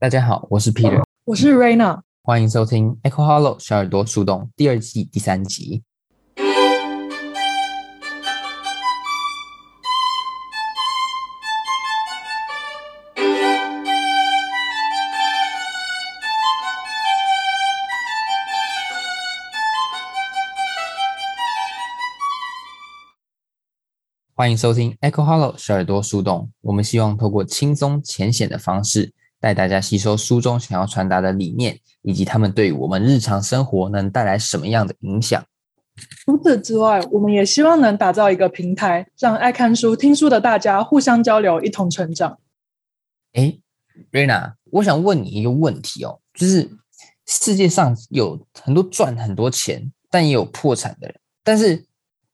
大家好，我是 Peter，我是 Rayna，歡迎收聽《Echo Hollow 小耳朵樹洞》第二季第三集。歡迎收聽《Echo Hollow 小耳朵樹洞》，我們希望透過輕鬆淺顯的方式，帶大家吸收書中想要傳達的理念，以及他們對我們日常生活能帶來什麼樣的影響。除此之外，我們也希望能打造一個平台，讓愛看書、聽書的大家互相交流，一同成長。哎，Rena，我想問你一個問題哦，就是世界上有很多賺很多錢，但也有破產的人，但是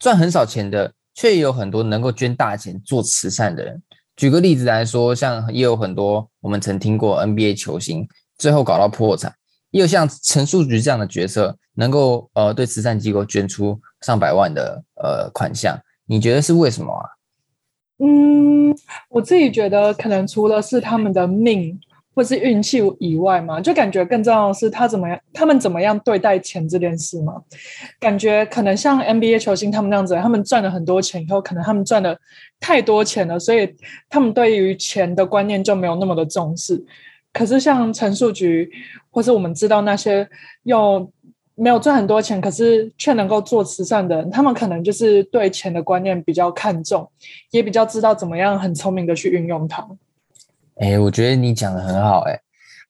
賺很少錢的，卻也有很多能夠捐大錢做慈善的人。舉個例子來說，像也有很多我們曾聽過 NBA 球星最後搞到破產，又像陳樹菊這樣的角色，能夠呃對慈善機構捐出上百萬的呃款項，你覺得是為什麼啊？嗯，我自己覺得可能除了是他們的命。或是運氣以外嘛，就感覺更重要的是他怎麼樣，他們怎麼樣對待錢這件事嘛？感覺可能像 NBA 球星他們那樣子，他們賺了很多錢以後，可能他們賺了太多錢了，所以他們對於錢的觀念就沒有那麼的重視。可是像陳樹菊或是我們知道那些又沒有賺很多錢，可是卻能夠做慈善的人，他們可能就是對錢的觀念比較看重，也比較知道怎麼樣很聰明的去運用它。哎、欸，我覺得你講的很好、欸，哎，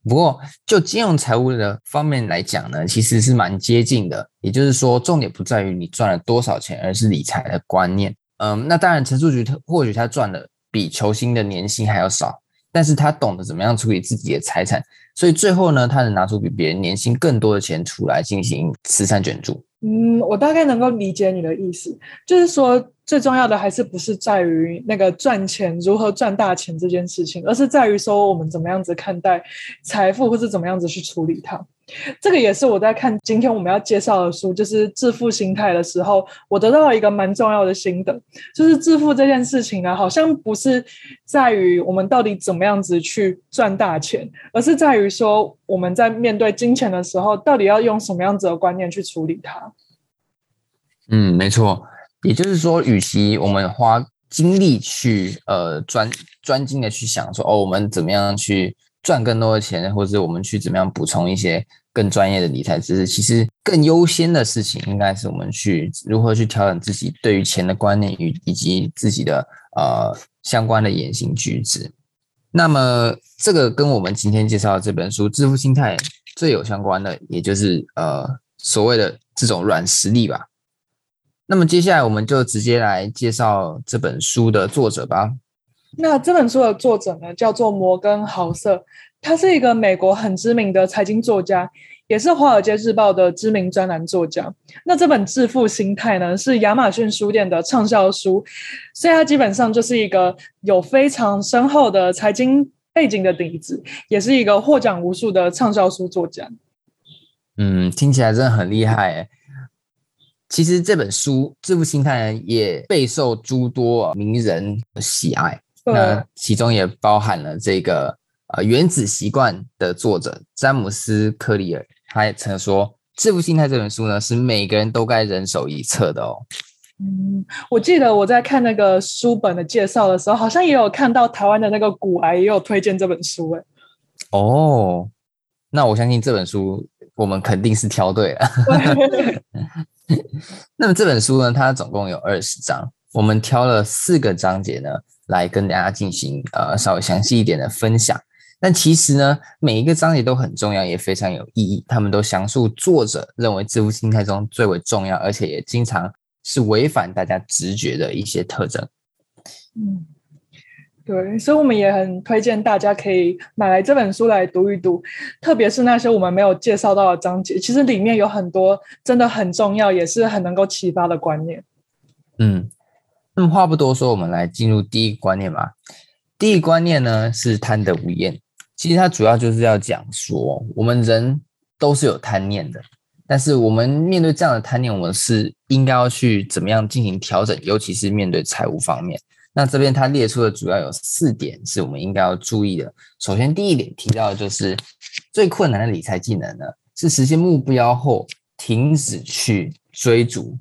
不過就金融財務的方面來講呢，其實是蠻接近的。也就是說，重點不在於你賺了多少錢，而是理財的觀念。嗯，那當然陳局，陳樹菊他或許他賺的比球星的年薪還要少，但是他懂得怎麼樣處理自己的財產，所以最後呢，他能拿出比別人年薪更多的錢出來進行慈善捐助。嗯，我大概能夠理解你的意思，就是說。最重要的還是不是在於那個賺錢，如何賺大錢這件事情，而是在於說我們怎麼樣子看待財富，或是怎麼樣子去處理它。這個也是我在看今天我們要介紹的書，就是《致富心態》的時候，我得到了一個蠻重要的心得，就是致富這件事情呢、啊，好像不是在於我們到底怎麼樣子去賺大錢，而是在於說我們在面對金錢的時候，到底要用什麼樣子的觀念去處理它。嗯，沒錯。也就是說，與其我們花精力去呃專專精的去想說哦，我們怎麼樣去賺更多的錢，或者我們去怎麼樣補充一些更專業的理財知識，其實更優先的事情應該是我們去如何去調整自己對於錢的觀念與以及自己的呃相關的言行舉止。那麼，這個跟我們今天介紹的這本書《致富心態》最有相關的，也就是呃所謂的這種軟實力吧。那麼接下來我們就直接來介紹這本書的作者吧。那這本書的作者呢，叫做摩根豪瑟，他是一個美國很知名的財經作家，也是《華爾街日報》的知名專欄作家。那這本《致富心態》呢，是亞馬遜書店的暢銷書，所以它基本上就是一個有非常深厚的財經背景的底子，也是一個獲獎無數的暢銷書作家。嗯，聽起來真的很厲害欸。其實這本書《致富心態》也備受諸多名人的喜愛，啊，那其中也包含了這個呃、《原子習慣》的作者詹姆斯·克里爾，他也曾說，《致富心態》這本書呢是每個人都該人手一冊的哦。嗯，我記得我在看那個書本的介紹的時候，好像也有看到台灣的那個股癌也有推薦這本書，哎，哦，那我相信這本書我們肯定是挑對了。對 那麼這本書呢，它總共有二十章，我們挑了四個章節呢，來跟大家進行呃稍微詳細一點的分享。但其實呢，每一個章節都很重要，也非常有意義。他們都詳述作者認為致富心態中最為重要，而且也經常是違反大家直覺的一些特徵。嗯。對，所以，我們也很推薦大家可以買來這本書來讀一讀，特別是那些我們沒有介紹到的章節，其實裡面有很多真的很重要，也是很能夠啟發的觀念。嗯，那麼話不多說，我們來進入第一個觀念吧。第一個觀念呢是貪得無厭，其實它主要就是要講說，我們人都是有貪念的，但是我們面對這樣的貪念，我們是應該要去怎麼樣進行調整，尤其是面對財務方面。那這邊他列出的主要有四點是我們應該要注意的。首先，第一點提到的就是最困難的理財技能呢，是實現目標後停止去追逐。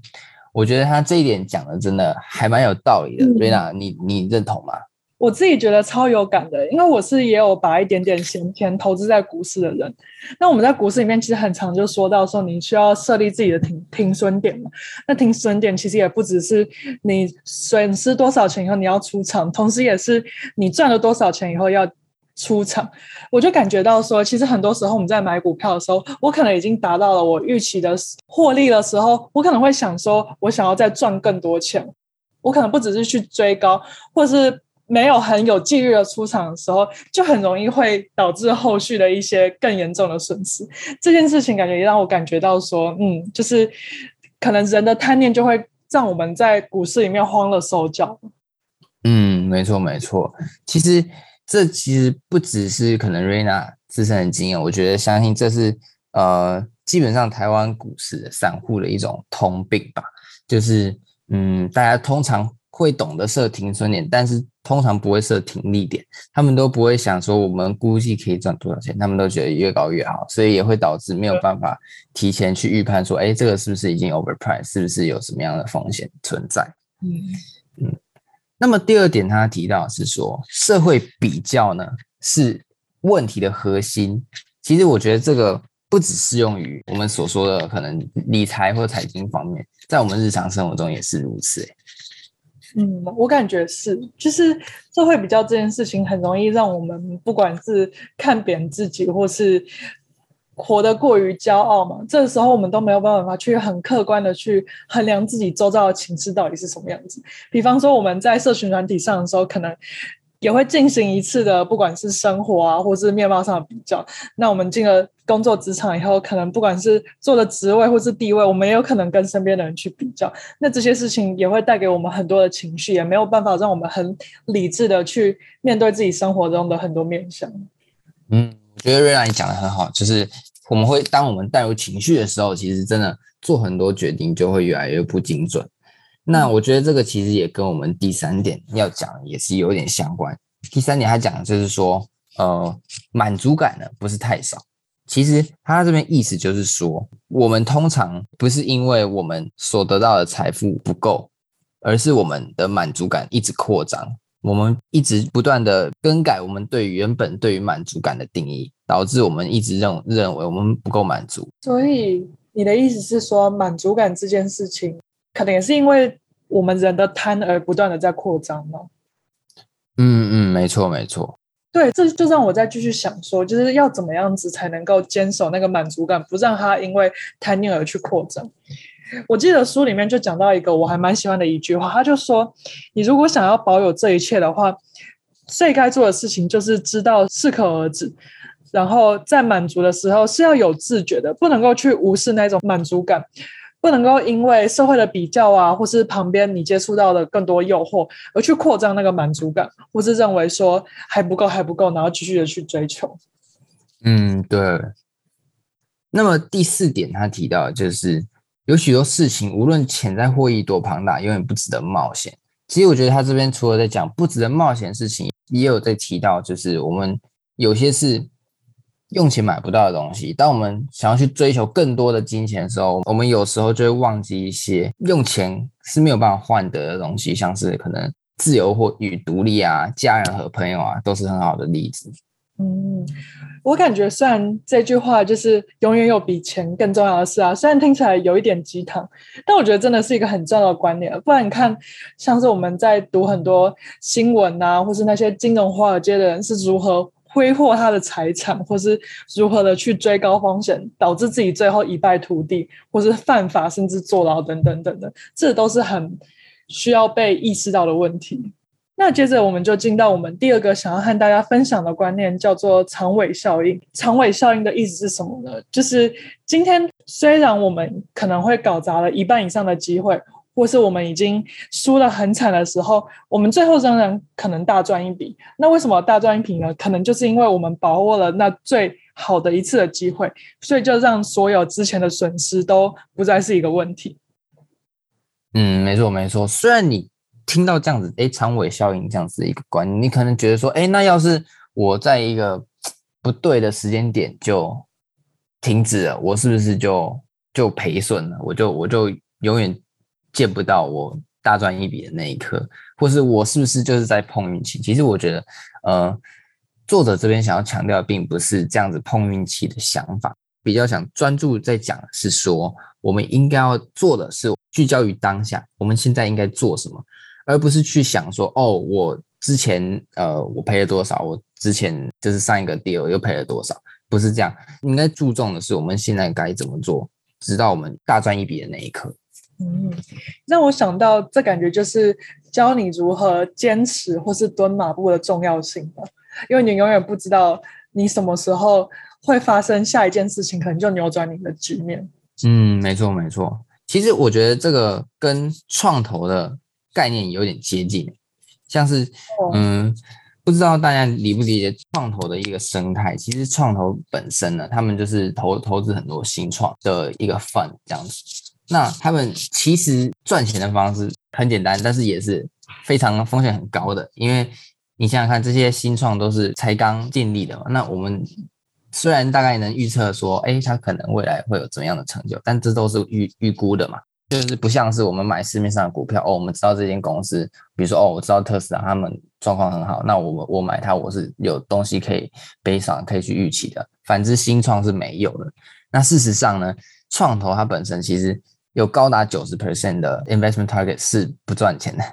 我覺得他這一點講的真的還蠻有道理的。嗯，瑞娜，你你認同嗎？我自己覺得超有感的，因為我是也有把一點點閒錢投資在股市的人。那我們在股市裡面其實很常就說到說，你需要設立自己的停停損點嘛。那停損點其實也不只是你損失多少錢以後你要出場，同時也是你賺了多少錢以後要出場。我就感覺到說，其實很多時候我們在買股票的時候，我可能已經達到了我預期的獲利的時候，我可能會想說，我想要再賺更多錢，我可能不只是去追高，或是。沒有很有紀律的出場的時候，就很容易會導致後續的一些更嚴重的損失。這件事情感覺也讓我感覺到說，嗯，就是可能人的貪念就會讓我們在股市裡面慌了手腳。嗯，沒錯沒錯。其實這其實不只是可能瑞娜自身的經驗，我覺得相信這是呃基本上台灣股市的散戶的一種通病吧。就是嗯，大家通常會懂得設停損點，但是。通常不會設停利點，他們都不會想說我們估計可以賺多少錢，他們都覺得越高越好，所以也會導致沒有辦法提前去預判說，哎，這個是不是已經 overpriced，是不是有什麼樣的風險存在？嗯嗯。那麼第二點，他提到是說社會比較呢是問題的核心，其實我覺得這個不只適用於我們所說的可能理財或財經方面，在我們日常生活中也是如此，欸，嗯，我感覺是，就是社會比較這件事情很容易讓我們不管是看扁自己，或是活得過於驕傲嘛。這時候我們都沒有辦法去很客觀的去衡量自己周遭的情緒到底是什麼樣子。比方說我們在社群軟體上的時候，可能。也會進行一次的，不管是生活啊，或是面貌上的比較。那我們進了工作職場以後，可能不管是做的職位或是地位，我們也有可能跟身邊的人去比較。那這些事情也會帶給我們很多的情緒，也沒有辦法讓我們很理智的去面對自己生活中的很多面向。嗯，我覺得瑞拉你講的很好，就是我們會當我們帶入情緒的時候，其實真的做很多決定就會越來越不精準。那我覺得這個其實也跟我們第三點要講也是有點相關。第三點他講的就是說，呃，滿足感呢不是太少。其實他這邊意思就是說，我們通常不是因為我們所得到的財富不夠，而是我們的滿足感一直擴張，我們一直不斷的更改我們對於原本對於滿足感的定義，導致我們一直認認為我們不夠滿足。所以你的意思是說，滿足感這件事情？可能也是因為我們人的貪而不斷的在擴張。嗯嗯，沒錯沒錯。對，這就讓我再繼續想說，就是要怎麼樣子才能夠堅守那個滿足感，不讓他因為貪念而去擴張。我記得書裡面就講到一個我還蠻喜歡的一句話，他就說：“你如果想要保有這一切的話，最該做的事情就是知道適可而止，然後在滿足的時候是要有自覺的，不能夠去無視那種滿足感。”不能夠因為社會的比較啊，或是旁邊你接觸到的更多誘惑，而去擴張那個滿足感，或是認為說還不夠還不夠，然後繼續的去追求。嗯，對。那麼第四點，他提到的就是有許多事情，無論潛在獲益多龐大，永遠不值得冒險。其實我覺得他這邊除了在講不值得冒險的事情，也有在提到就是我們有些事。用錢買不到的東西。當我們想要去追求更多的金錢的時候，我們有時候就會忘記一些用錢是沒有辦法換得的東西，像是可能自由或與獨立啊，家人和朋友啊，都是很好的例子。嗯，我感覺雖然這句話就是永遠有比錢更重要的事啊，雖然聽起來有一點雞湯，但我覺得真的是一個很重要的觀念。不然你看，像是我們在讀很多新聞啊，或是那些金融華爾街的人是如何。揮霍他的財產，或是如何的去追高風險，導致自己最後一敗塗地，或是犯法甚至坐牢等等等等，這都是很需要被意識到的問題。那接着我們就進到我們第二個想要和大家分享的觀念，叫做長尾效應。長尾效應的意思是什麼呢？就是今天雖然我們可能會搞砸了一半以上的機會，或是我們已經輸了很慘的時候，我們最後仍然可能大賺一筆。那為什麼大賺一筆呢？可能就是因為我們把握了那最好的一次的機會，所以就讓所有之前的損失都不再是一個問題。嗯，沒錯沒錯。雖然你聽到這樣子，哎，長尾效應這樣子的一個觀念，你可能覺得說，哎，那要是我在一個不對的時間點就停止了，我是不是就就賠損了？我就我就永遠。見不到我大賺一筆的那一刻，或是我是不是就是在碰運氣？其實我覺得，呃，作者這邊想要強調的，並不是這樣子碰運氣的想法，比較想專注在講的是說，我們應該要做的是聚焦於當下，我們現在應該做什麼，而不是去想說，哦，我之前呃，我賠了多少，我之前就是上一個 deal 又賠了多少。不是這樣，應該注重的是我們現在該怎麼做，直到我們大賺一筆的那一刻。嗯，讓我想到這感覺就是教你如何堅持或是蹲馬步的重要性了，因為你永遠不知道你什麼時候會發生下一件事情，可能就扭轉你的局面。嗯，沒錯沒錯。其實我覺得這個跟創投的概念有點接近，像是、oh. 嗯，不知道大家理不理解創投的一個生態。其實創投本身呢，他們就是投投資很多新創的一個 fund 這樣子。那他們其實賺錢的方式很簡單，但是也是非常風險很高的，因為你想想看，這些新創都是才剛建立的嘛。那我們雖然大概能預測說，哎、欸，它可能未來會有怎樣的成就，但這都是預預估的嘛，就是不像是我們買市面上的股票哦，我們知道這間公司，比如說哦，我知道特斯拉他們狀況很好，那我們我買它，我是有東西可以背上可以去預期的。反之，新創是沒有的。那事實上呢，創投它本身其實。有高達九十 percent 的 investment target 是不賺錢的，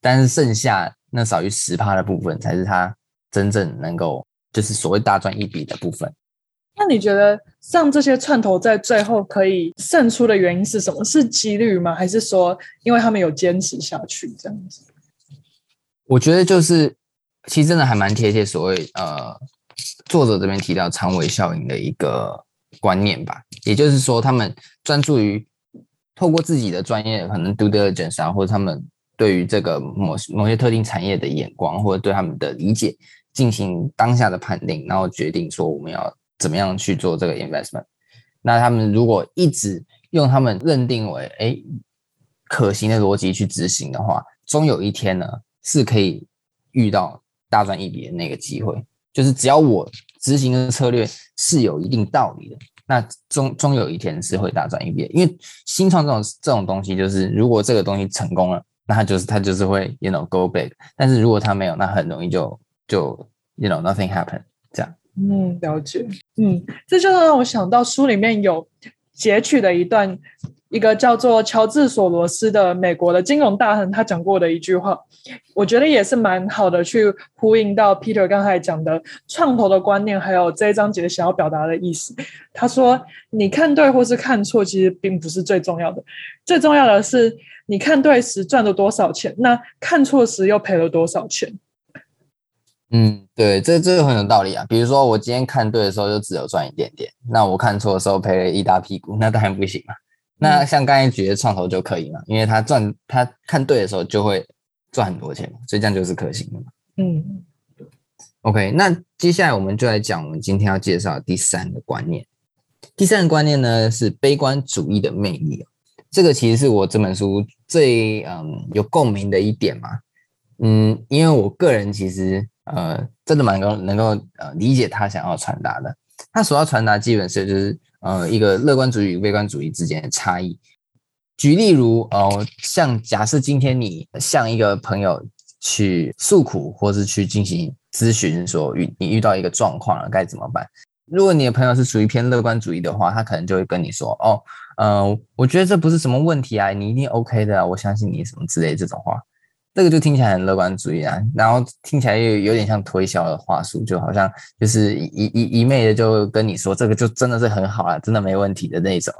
但是剩下那少於十趴的部分才是他真正能夠就是所謂大賺一筆的部分。那你覺得讓這些串頭在最後可以勝出的原因是什麼？是幾率嗎？還是說因為他們有堅持下去這樣子？我覺得就是其實真的還蠻貼切所謂呃作者這邊提到長尾效應的一個觀念吧，也就是說他們專注於。透過自己的專業，可能 due diligence 或者他們對於這個某某些特定產業的眼光，或者對他們的理解進行當下的判定，然後決定說我們要怎麼樣去做這個 investment。那他們如果一直用他們認定為哎、欸、可行的邏輯去執行的話，終有一天呢是可以遇到大賺一筆的那個機會。就是只要我執行的策略是有一定道理的。那終終有一天是會大賺一筆，因為新創這種這種東西，就是如果這個東西成功了，那它就是它就是會，you know，go big。但是如果它沒有，那很容易就就，you know，nothing happen。這樣，嗯，了解，嗯，這就讓我想到書裡面有截取的一段。一個叫做喬治索羅斯的美國的金融大亨，他講過的一句話，我覺得也是蠻好的，去呼應到 Peter 剛才講的創投的觀念，還有這一章節想要表達的意思。他說：“你看對或是看錯，其實並不是最重要的，最重要的是你看對時賺了多少錢，那看錯時又賠了多少錢。”嗯，對，這這個很有道理啊。比如說，我今天看對的時候就只有賺一點點，那我看錯的時候賠了一大屁股，那當然不行啊。那像剛才舉的創投就可以嘛，因為他賺他看對的時候就會賺很多錢，所以這樣就是可行的嘛。嗯，OK，那接下來我們就來講我們今天要介紹第三個觀念。第三個觀念呢是悲觀主義的魅力。這個其實是我這本書最嗯有共鳴的一點嘛。嗯，因為我個人其實呃真的蠻能能夠呃理解他想要傳達的，他所要傳達基本是就是。呃，一個樂觀主義與悲觀主義之間的差異舉例如哦、呃，像假設今天你向一個朋友去訴苦，或是去進行諮詢說，說遇你遇到一個狀況了該怎麼辦？如果你的朋友是屬於偏樂觀主義的話，他可能就會跟你說：“哦，呃，我覺得這不是什麼問題啊，你一定 OK 的，啊，我相信你，什麼之類的這種話。”這個就聽起來很樂觀主義啊，然後聽起來又有點像推銷的話術，就好像就是一一一昧的就跟你說，這個就真的是很好啊，真的沒問題的那種。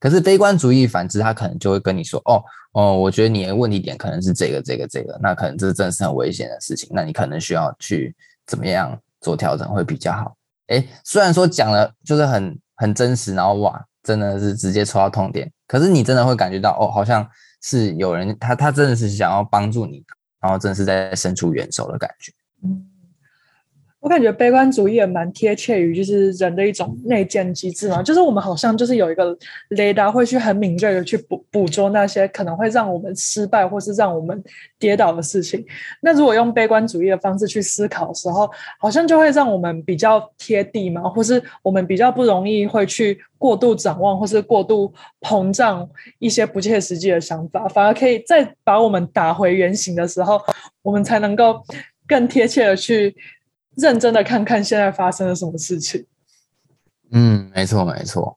可是悲觀主義，反之他可能就會跟你說，哦哦，我覺得你的問題點可能是這個這個這個，那可能這真的是很危險的事情，那你可能需要去怎麼樣做調整會比較好。誒，雖然說講了就是很很真實，然後哇，真的是直接戳到痛點，可是你真的會感覺到，哦，好像。是有人，他他真的是想要幫助你，然後真的是在伸出援手的感覺。我感覺悲觀主義也蠻貼切於，就是人的一種內建機制嘛。就是我們好像就是有一個雷達，會去很敏銳的去捕捕捉那些可能會讓我們失敗或是讓我們跌倒的事情。那如果用悲觀主義的方式去思考的時候，好像就會讓我們比較貼地嘛，或是我們比較不容易會去過度展望或是過度膨脹一些不切實際的想法。反而可以再把我們打回原形的時候，我們才能夠更貼切的去。認真的看看現在發生了什麼事情。嗯，沒錯沒錯。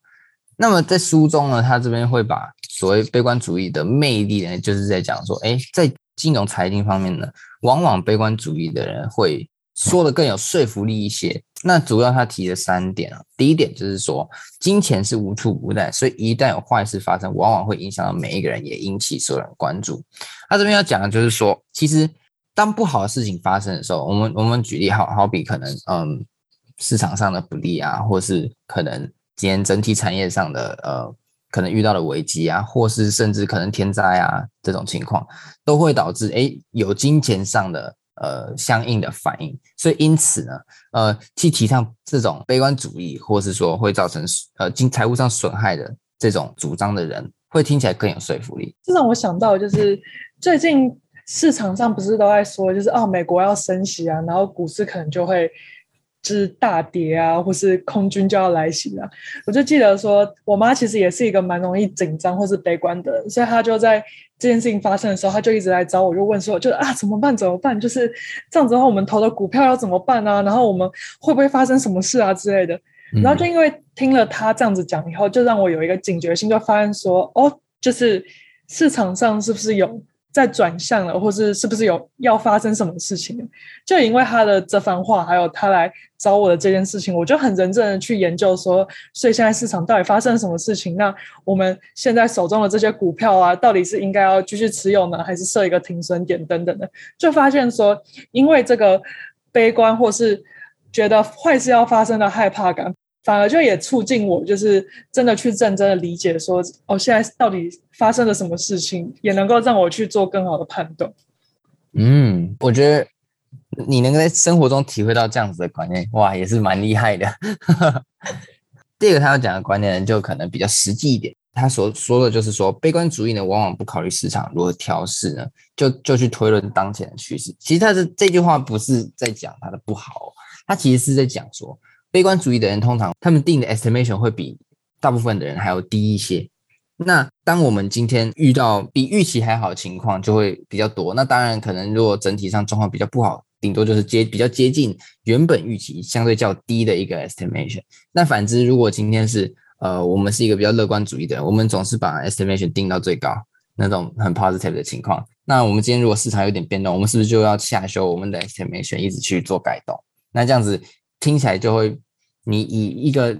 那麼在書中呢，他這邊會把所謂悲觀主義的魅力呢，就是在講說，哎、欸，在金融財經方面呢，往往悲觀主義的人會說得更有說服力一些。那主要他提了三點啊，第一點就是說，金錢是無處不在，所以一旦有壞事發生，往往會影響到每一個人，也引起所有人關注。他這邊要講的就是說，其實。當不好的事情發生的時候，我們我們舉例好，好比可能嗯市場上的不利啊，或是可能今天整體產業上的呃可能遇到的危機啊，或是甚至可能天災啊這種情況，都會導致哎有金錢上的呃相應的反應。所以因此呢呃去提倡這種悲觀主義，或是說會造成呃經財務上損害的這種主張的人，會聽起來更有說服力。這讓我想到就是最近。市場上不是都在說，就是啊，哦，美國要升息啊，然後股市可能就會就是大跌啊，或是空軍就要來襲啊。我就記得說，我媽其實也是一個蠻容易緊張或是悲觀的，所以她就在這件事情發生的時候，她就一直來找我，就問說，就啊，怎麼辦？怎麼辦？就是這樣子的話，我們投的股票要怎麼辦啊？然後我們會不會發生什麼事啊之類的？嗯。然後就因為聽了她這樣子講以後，就讓我有一個警覺性，就發現說，哦，就是市場上是不是有？在轉向了，或是是不是有要發生什麼事情？就因為他的這番話，還有他來找我的這件事情，我就很認真的去研究說，所以現在市場到底發生了什麼事情？那我們現在手中的這些股票啊，到底是應該要繼續持有呢，還是設一個停損點等等的？就發現說，因為這個悲觀或是覺得壞事要發生的害怕感。反而就也促進我，就是真的去認真的理解說，哦，現在到底發生了什麼事情，也能夠讓我去做更好的判斷。嗯，我覺得你能在生活中體會到這樣子的觀念，哇，也是蠻厲害的。第 二個他要講的觀念，就可能比較實際一點。他所說的，就是說，悲觀主義呢，往往不考慮市場如何調適呢，就就去推論當前的趨勢。其實他的這句話不是在講他的不好，他其實是在講說。悲觀主義的人通常，他們定的 estimation 會比大部分的人還要低一些。那當我們今天遇到比預期還好的情況，就會比較多。那當然，可能如果整體上狀況比較不好，頂多就是接比較接近原本預期相對較低的一個 estimation。那反之，如果今天是呃，我們是一個比較樂觀主義的人，我們總是把 estimation 定到最高那種很 positive 的情況。那我們今天如果市場有點變動，我們是不是就要下修我們的 estimation，一直去做改動？那這樣子。聽起來就會，你以一個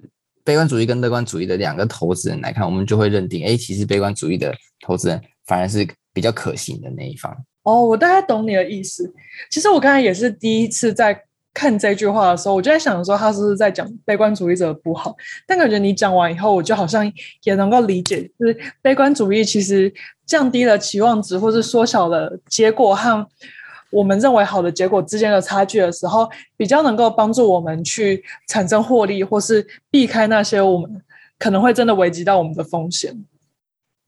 悲觀主義跟樂觀主義的兩個投資人來看，我們就會認定，哎、欸，其實悲觀主義的投資人反而是比較可行的那一方。哦，我大概懂你的意思。其實我剛才也是第一次在看這句話的時候，我就在想說，他是不是在講悲觀主義者不好？但感覺你講完以後，我就好像也能夠理解，就是悲觀主義其實降低了期望值，或者縮小了結果我們認為好的結果之間的差距的時候，比較能夠幫助我們去產生獲利，或是避開那些我們可能會真的危及到我們的風險。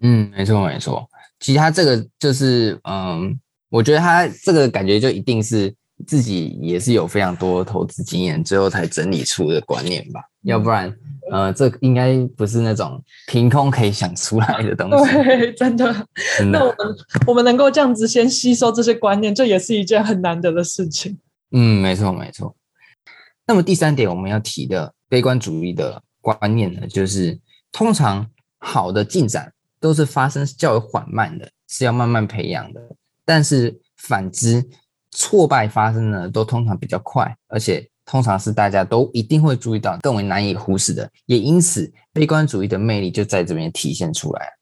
嗯，沒錯，沒錯。其實他這個就是，嗯，我覺得他這個感覺就一定是自己也是有非常多投資經驗，最後才整理出的觀念吧，嗯，要不然。呃，這應該不是那種憑空可以想出來的東西。對，真的。 真的。那我們我們能夠這樣子先吸收這些觀念，這也是一件很難得的事情。嗯，沒錯，沒錯。那麼第三點我們要提的悲觀主義的觀念呢，就是通常好的進展都是發生較為緩慢的，是要慢慢培養的。但是反之，挫敗發生的都通常比較快，而且。通常是大家都一定會注意到，更為難以忽視的，也因此，悲觀主義的魅力就在這邊體現出來。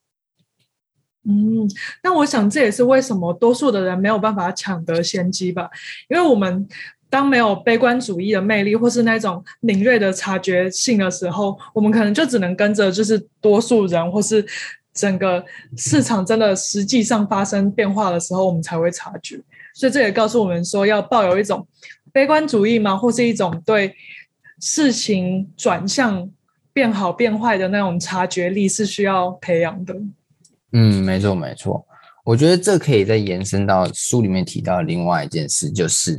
嗯，那我想這也是為什麼多數的人沒有辦法搶得先機吧？因為我們當沒有悲觀主義的魅力，或是那種敏銳的察覺性的時候，我們可能就只能跟着就是多數人，或是整個市場真的實際上發生變化的時候，我們才會察覺。所以這也告訴我們說，要抱有一種。悲觀主義嘛，或是一種對事情轉向變好變壞的那種察覺力是需要培養的。嗯，沒錯沒錯，我覺得這可以再延伸到書裡面提到另外一件事，就是。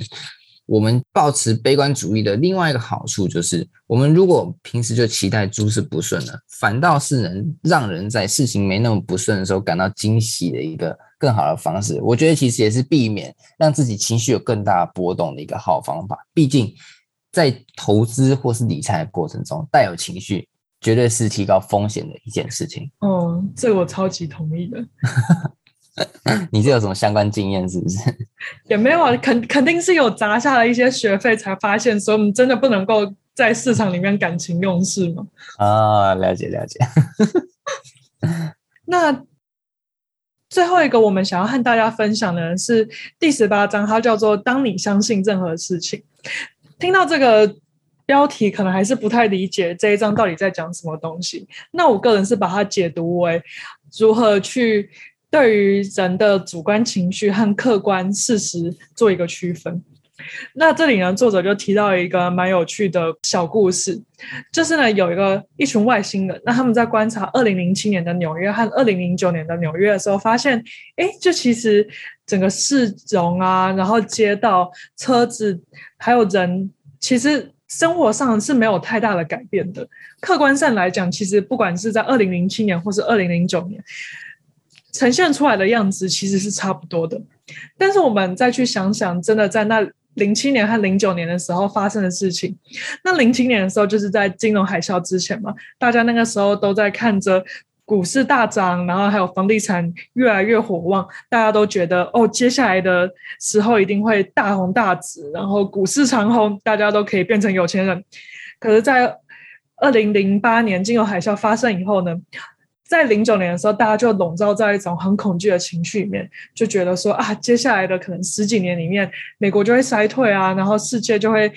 我們抱持悲觀主義的另外一個好處，就是我們如果平時就期待諸事不順了，反倒是能讓人在事情沒那麼不順的時候感到驚喜的一個更好的方式。我覺得其實也是避免讓自己情緒有更大波動的一個好方法。畢竟在投資或是理財的過程中，帶有情緒絕對是提高風險的一件事情。哦、嗯，這我超級同意的。 你是有什麼相關經驗，是不是？也沒有啊，肯肯定是有砸下了一些學費才發現，所以我們真的不能夠在市場裡面感情用事嗎？啊、哦，了解了解。 那最後一個，我們想要和大家分享的是第十八章，它叫做“當你相信任何事情”。聽到這個標題，可能還是不太理解這一章到底在講什麼東西。那我個人是把它解讀為如何去。對於人的主觀情緒和客觀事實做一個區分。那這裡呢，作者就提到一個蠻有趣的小故事，就是呢，有一個一群外星人，那他們在觀察二零零七年的紐約和二零零九年的紐約的時候，發現，哎，就其實整個市容啊，然後街道、車子還有人，其實生活上是沒有太大的改變的。客觀上來講，其實不管是在二零零七年或是二零零九年。呈現出來的樣子其實是差不多的，但是我們再去想想，真的在那零七年和零九年的時候發生的事情。那零七年的時候，就是在金融海嘯之前嘛，大家那個時候都在看着股市大漲，然後還有房地產越來越火旺，大家都覺得哦，接下來的時候一定會大紅大紫，然後股市長紅，大家都可以變成有錢人。可是，在二零零八年金融海嘯發生以後呢？在零九年的時候，大家就籠罩在一種很恐懼的情緒裡面，就覺得說啊，接下來的可能十幾年裡面，美國就會衰退啊，然後世界就會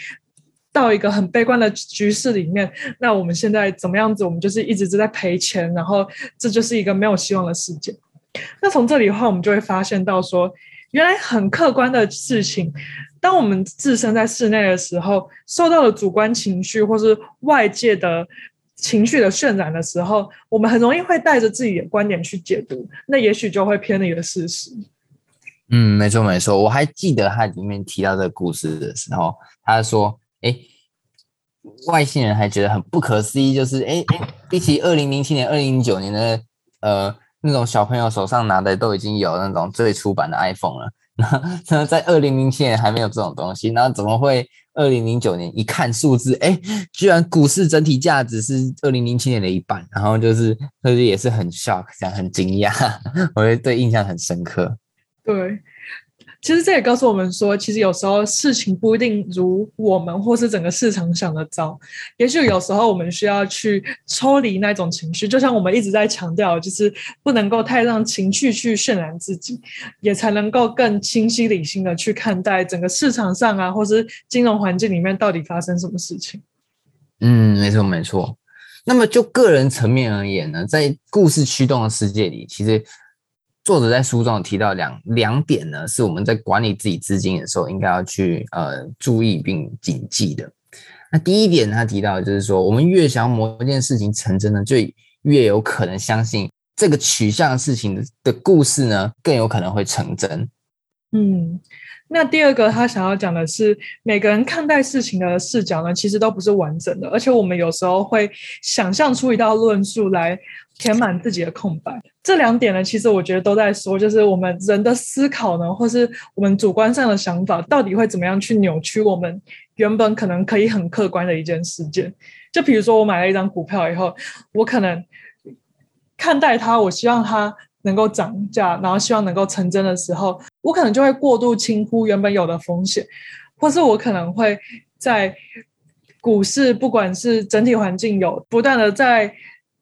到一個很悲觀的局勢裡面。那我們現在怎麼樣子？我們就是一直都在賠錢，然後這就是一個沒有希望的世界。那從這裡的話，我們就會發現到說，原來很客觀的事情，當我們置身在室內的時候，受到了主觀情緒或是外界的。情緒的渲染的時候，我們很容易會帶着自己的觀點去解讀，那也許就會偏離了事實。嗯，沒錯沒錯。我還記得他裡面提到這個故事的時候，他說：“哎、欸，外星人還覺得很不可思議，就是哎哎，欸欸，比起二零零七年、二零零九年的呃那種小朋友手上拿的都已經有那種最初版的 iPhone 了，那那在二零零七年還沒有這種東西，那怎麼會？”二零零九年一看數字，哎，居然股市整體價值是二零零七年的一半，然後就是，就是也是很 shock，這樣很驚訝，我覺得對印象很深刻。對。其實這也告訴我們說，其實有時候事情不一定如我們或是整個市場想得糟，也許有時候我們需要去抽離那種情緒，就像我們一直在強調，就是不能夠太讓情緒去渲染自己，也才能夠更清晰理性的去看待整個市場上啊，或是金融環境裡面到底發生什麼事情。嗯，沒錯，沒錯。那麼就個人層面而言呢，在故事驅動的世界裡，其實。作者在書中提到兩兩點呢，是我們在管理自己資金的時候應該要去呃注意並謹記的。那第一點，他提到的就是說，我們越想要某一件事情成真呢，就越有可能相信這個取向的事情的、的故事呢，更有可能會成真。嗯，那第二個他想要講的是，每個人看待事情的視角呢，其實都不是完整的，而且我們有時候會想象出一道論述來填滿自己的空白。這兩點呢，其實我覺得都在說，就是我們人的思考呢，或是我們主觀上的想法，到底會怎麼樣去扭曲我們原本可能可以很客觀的一件事件。就比如說，我買了一張股票以後，我可能看待它，我希望它。能夠漲價，然後希望能夠成真的時候，我可能就會過度輕忽原本有的風險，或是我可能會在股市，不管是整體環境有，不斷的在。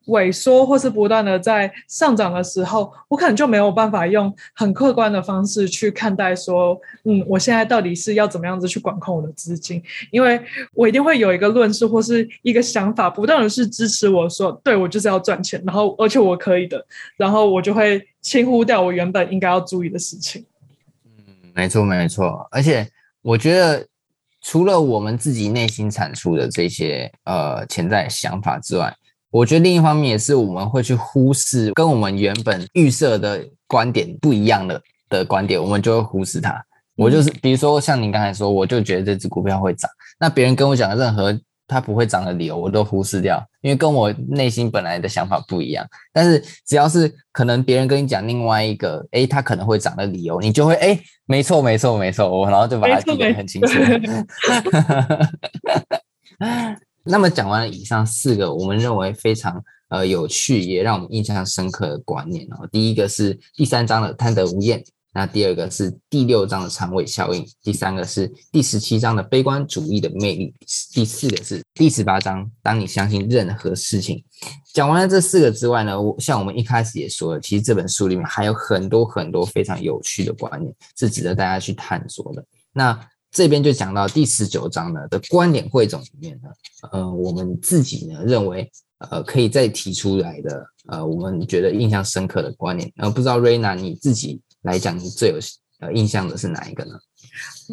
萎縮，或是不斷的在上漲的時候，我可能就沒有辦法用很客觀的方式去看待說，嗯，我現在到底是要怎麼樣子去管控我的資金？因為我一定會有一個論述或是一個想法，不斷的是支持我說，對，我就是要賺錢，然後而且我可以的，然後我就會輕忽掉我原本應該要注意的事情。嗯，沒錯沒錯，而且我覺得，除了我們自己內心產出的這些呃潛在想法之外，我覺得另一方面也是，我們會去忽視跟我們原本預設的觀點不一樣的的觀點，我們就會忽視它。我就是，比如說像你剛才說，我就覺得這隻股票會漲，那別人跟我講的任何它不會漲的理由，我都忽視掉，因為跟我內心本來的想法不一樣。但是只要是可能別人跟你講另外一個，哎，它可能會漲的理由，你就會，哎，沒錯沒錯沒錯，我然後就把它記得很清楚。 那麼講完了以上四個我們認為非常呃有趣也讓我們印象深刻的觀念哦，第一個是第三章的貪得無厭，那第二個是第六章的長尾效應，第三個是第十七章的悲觀主義的魅力，第四個是第十八章當你相信任何事情。講完了這四個之外呢，我像我們一開始也說了，其實這本書裡面還有很多很多非常有趣的觀念是值得大家去探索的。那。這邊就講到第十九章的觀點匯總裡面呢，呃，我們自己呢認為，呃，可以再提出來的，呃，我們覺得印象深刻的觀點呃，不知道 Raina 你自己來講，你最有呃印象的是哪一個呢？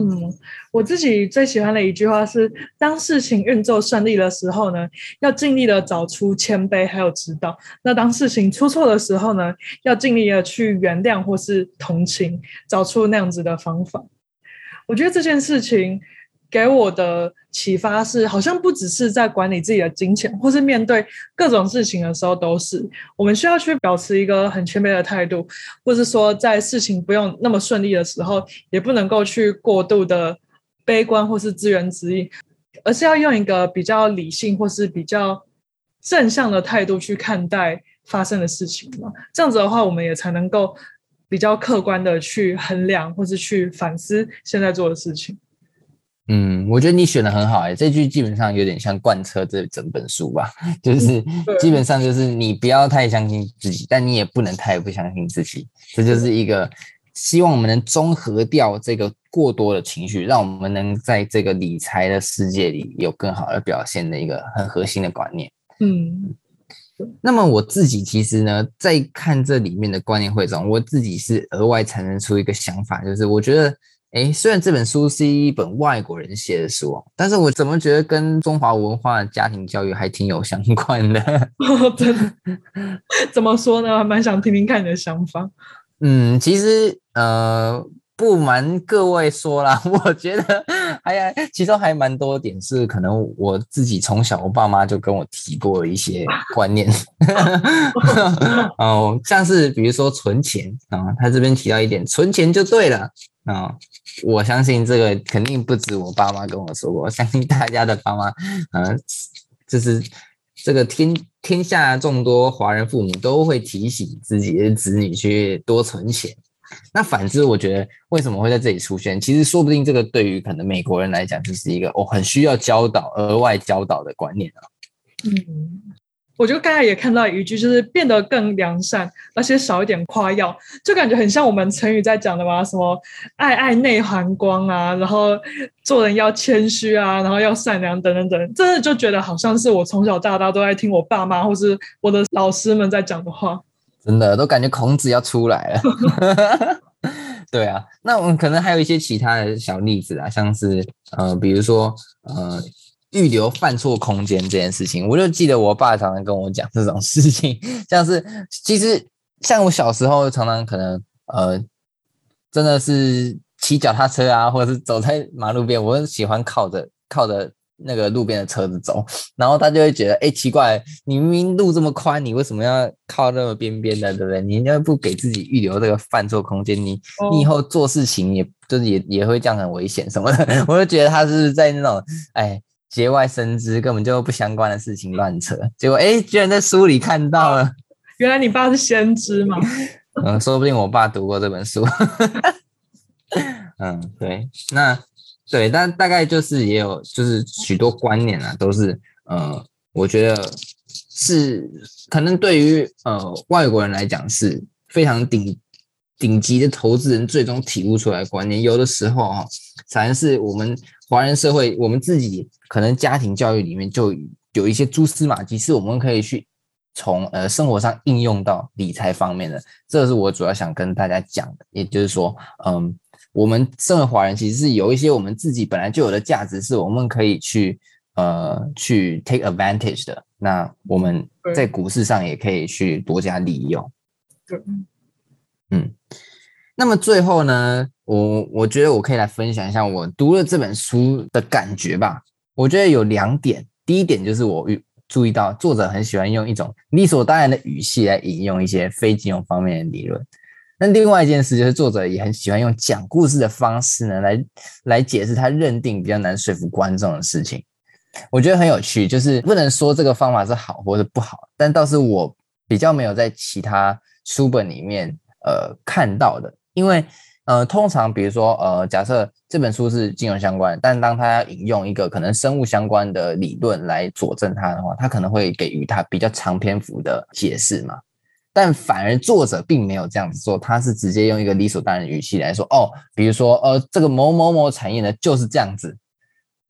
嗯，我自己最喜歡的一句話是：當事情運作順利的時候呢，要盡力的找出謙卑還有指導；那當事情出錯的時候呢，要盡力的去原諒或是同情，找出那樣子的方法。我覺得這件事情給我的啟發是，好像不只是在管理自己的金錢，或是面對各種事情的時候，都是我們需要去保持一個很謙卑的態度，或是說在事情不用那麼順利的時候，也不能夠去過度的悲觀或是自怨自艾，而是要用一個比較理性或是比較正向的態度去看待發生的事情嘛。這樣子的話，我們也才能夠。比較客觀的去衡量，或是去反思現在做的事情。嗯，我覺得你選的很好欸，這句基本上有點像貫徹這整本書吧，就是基本上就是你不要太相信自己，但你也不能太不相信自己，這就是一個希望我們能綜合掉這個過多的情緒，讓我們能在這個理財的世界裡有更好的表現的一個很核心的觀念。嗯。那麼我自己其實呢，在看這裡面的觀念會中，我自己是額外產生出一個想法，就是我覺得，哎，雖然這本書是一本外國人寫的書，但是我怎麼覺得跟中華文化家庭教育還挺有相關的？真的？怎麼說呢？還蠻想聽聽看你的想法。嗯，其實呃。不瞞各位說啦，我覺得，哎呀，其中還蠻多一點是，可能我自己從小，我爸媽就跟我提過一些觀念。 哦，像是比如說存錢，啊、哦，他這邊提到一點，存錢就對了。啊、哦，我相信這個肯定不止我爸媽跟我說過，我相信大家的爸媽，啊、嗯，就是這個天天下眾多華人父母都會提醒自己的子女去多存錢。那反之，我覺得為什麼會在這裡出現？其實說不定這個對於可能美國人來講，就是一個我、哦、很需要教導、額外教導的觀念啊。嗯，我覺得剛才也看到一句，就是變得更良善，而且少一點誇耀，就感覺很像我們成語在講的嘛，什麼曖曖內含光啊，然後做人要謙虛啊，然後要善良等等等，真的就覺得好像是我從小到大都在聽我爸媽或是我的老師們在講的話。真的都感覺孔子要出來了， 對啊，那我們可能還有一些其他的小例子啊，像是呃，比如說呃，預留犯錯空間這件事情，我就記得我爸常常跟我講這種事情，像是其實像我小時候常常可能呃，真的是騎腳踏車啊，或者是走在馬路邊，我喜歡靠着靠着。那個路邊的車子走，然後他就會覺得，哎，奇怪，你明明路這麼寬，你為什麼要靠那麼邊邊的，對不對？你應該不給自己預留這個犯錯空間，你你以後做事情也，就是也也會這樣很危險什麼的。我就覺得他是在那種，哎，節外生枝，根本就不相關的事情亂扯。結果，哎，居然在書裡看到了，原來你爸是先知嘛？嗯，說不定我爸讀過這本書。 嗯，對，那。對，但大概就是也有，就是許多觀念啊，都是呃，我覺得是可能對於呃外國人來講是非常頂頂級的投資人最終體悟出來的觀念。有的時候啊，才是我們華人社會我們自己可能家庭教育裡面就有一些蛛絲馬跡，是我們可以去從呃生活上應用到理財方面的。這是我主要想跟大家講的，也就是說，嗯、呃。我們身為華人，其實是有一些我們自己本來就有的價值，是我們可以去呃，去 take advantage 的。那我們在股市上也可以去多加利用。嗯。那麼最後呢，我我覺得我可以來分享一下我讀了這本書的感覺吧。我覺得有兩點，第一點就是我遇注意到作者很喜歡用一種理所當然的語氣來引用一些非金融方面的理論。那另外一件事就是，作者也很喜歡用講故事的方式呢，來來解釋他認定比較難說服觀眾的事情。我覺得很有趣，就是不能說這個方法是好或者不好，但倒是我比較沒有在其他書本裡面呃看到的。因為呃，通常比如說呃，假設這本書是金融相關的，但當他引用一個可能生物相關的理論來佐證他的話，他可能會給予他比較長篇幅的解釋嘛。但反而作者並沒有這樣子做，他是直接用一個理所當然的語氣來說，哦，比如說，呃，這個某某某產業呢就是這樣子，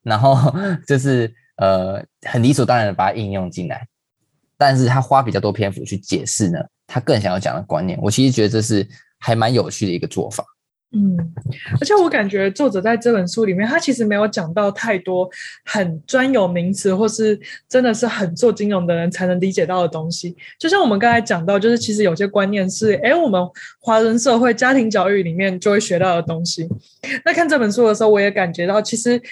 然後就是呃，很理所當然的把它應用進來。但是他花比較多篇幅去解釋呢，他更想要講的觀念，我其實覺得這是還蠻有趣的一個做法。嗯，而且我感覺作者在這本書裡面，他其實沒有講到太多很專有名詞，或是真的是很做金融的人才能理解到的東西。就像我們剛才講到，就是其實有些觀念是，誒，我們華人社會家庭教育裡面就會學到的東西。那看這本書的時候，我也感覺到其實。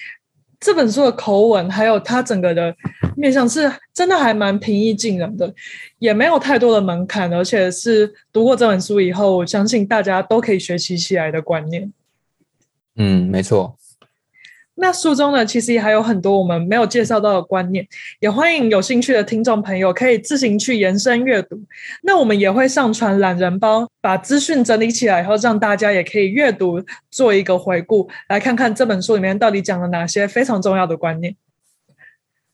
這本書的口吻，還有它整個的面向，是真的還蠻平易近人的，也沒有太多的門檻，而且是讀過這本書以後，我相信大家都可以學習起來的觀念。嗯，沒錯。那書中呢，其實也還有很多我們沒有介紹到的觀念，也歡迎有興趣的聽眾朋友可以自行去延伸閱讀。那我們也會上傳懶人包，把資訊整理起來以後，讓大家也可以閱讀做一個回顧，來看看這本書裡面到底講了哪些非常重要的觀念。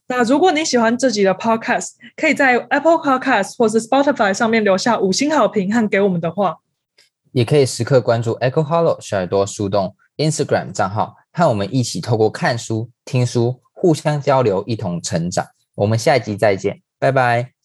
那如果你喜歡這集的 Podcast，可以在 Apple Podcast 或是 Spotify 上面留下五星好評和給我們的話，也可以時刻關注 Echo Hollow 小耳朵樹洞 Instagram 賬號。和我們一起透過看書、聽書，互相交流，一同成長。我們下一集再見，拜拜。